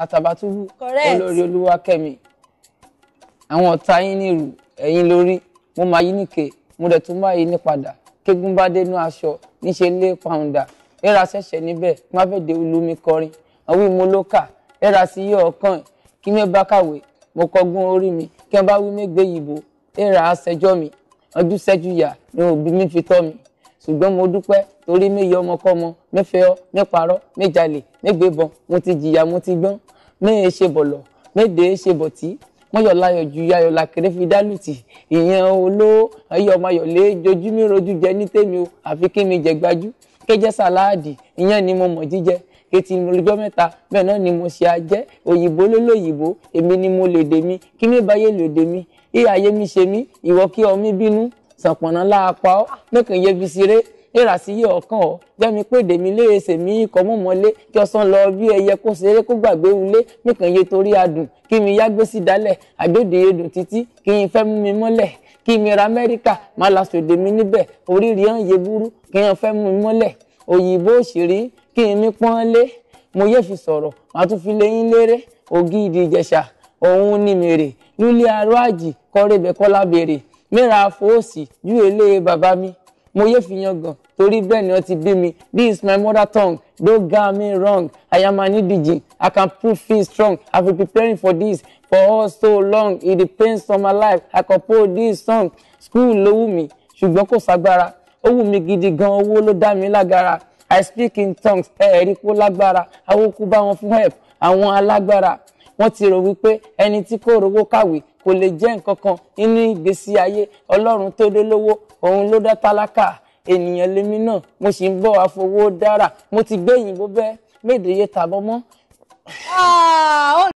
Àtàbàtúbú olórí Olúwakẹ́mi àwọn ọ̀tá yín nírú ẹ̀yin lórí mo máa yí níke mo dẹ̀ tún máa yí ní padà kégun bá dénú aṣọ níṣe lé pàǹdà ẹ̀rà ṣẹ̀ṣẹ̀ níbẹ̀ má fẹ́ de olómi kọrin àwọn ìmọ̀ ló kà ẹ̀rà sí yọ̀ ọ̀kan kí mẹ́ bá kàwé mo kọgbọ́n orí mi kí n bá wí mẹ́gbẹ́ ìbò ẹ̀rà àṣẹjọ́ mi ọdún ṣẹ́jú yà ni òbí mi fi tọ́ mi ṣùgbọ́n mo dúpẹ́ torí méyọ ọmọkọ́mọ mẹ́fẹ́ọ́ mẹ́parọ́ méjalè mégbébọn mo ti jìyà mo ti gbọ́n mẹ́ẹ̀ ṣe bọ̀lọ̀ mẹ́ẹ̀dẹ́ ṣe bọ̀tí mọ́yọ̀ láyọ̀ ju yayọ̀ làkèrè fi dálùtì ìyẹn olówó ayọ̀ mayọ̀ lé jojú mi rojú jẹ ní tèmi o àfi kí mi jẹ gbajú kéjẹ sàláàdì ìyẹn ni mo mọ̀ jíjẹ kìtì lọ́jọ́ mẹ́ta bẹ́ẹ̀ náà ni mo ṣe ajẹ́ òyìnbó lólóyìnbó èmi ni mo lèdè mi kí mi báyé lòdè mi ìyá ayé mi ṣe mí ìwọ kí ọmí bínú sàpọ̀nà láàpá ọ́ mẹ́kàn yẹbi sire èèrà sí yé ọ̀kan ọ̀ jẹ́mi pé dèmi léèrè sèmi ikọ̀ mọ̀mọ́lé kí ọsán lọ bí ẹyẹ kó ṣeré kó gbàgbé ulé nìkan yé torí adùn kí mi yá gbé sí dálẹ̀ àjòdè edùn títí kí n fẹ́ mú mi mọ́lẹ̀ kí mi ra amẹ́ríkà má la sòdè mi níbẹ̀ oríire hàn yé burú kí n fẹ́ mú mi mọ́lẹ̀ òyìnbó òṣèré kí n mi pọ́n lé mo yé fi sọ̀rọ̀ màá tún fi léyìn léré ògì ìdíjẹsà òun ni mèrè lúlé arọ àjì kọrẹbẹ kọlá bèrè mẹ́ra fòòsì ju èlé bàbá mi mo yé fi yangàn torí bẹ́ẹ̀ ni wọ́n ti bí mi this is my mother tongue don't get me wrong i am an indigene i can prove things strong i been preparing for this for all so long it depends on my life i compose this song school ló wù mí ṣùgbọ́n kò ságbára ó wù mí gidi gan owó ló dá mi lágara i speak in tongues ẹ̀ẹ́rì kó lágbára àwọn okú bá wọn fún help àwọn alágbára wọ́n ti rò wípé ẹni tí kò rówó kàwé kò lè jẹ́ nǹkan kan nínú ìgbésí ayé ọlọ́run tó dé lówó òun ló dá tálákà ènìyàn lèmi náà mo sì ń bọ̀ àfọwọ́ dára mo ti gbé yìnbó bẹ́ẹ̀ méje tàbọ̀ mọ́. Ah,